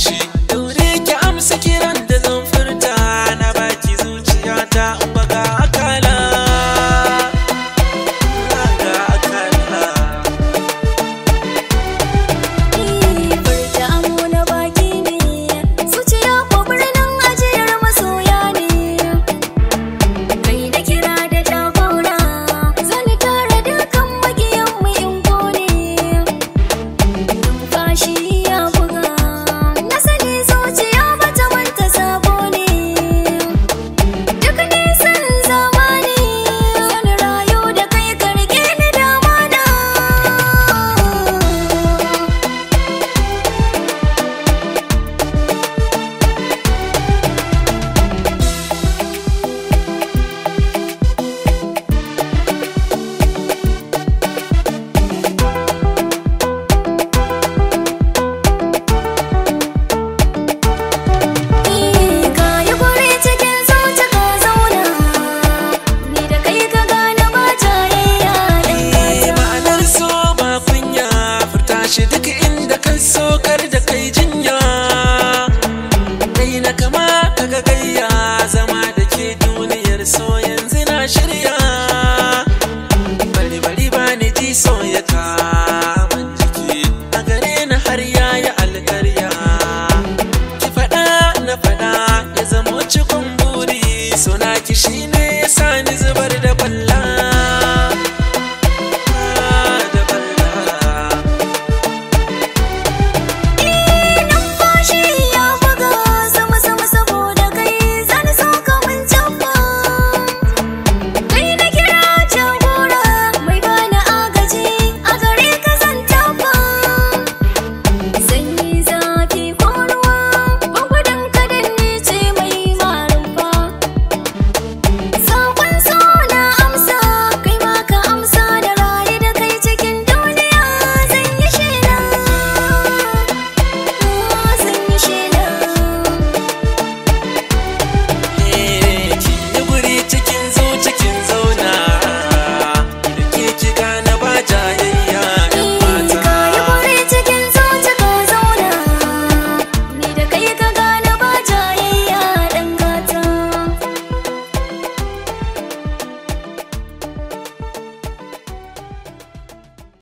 she me.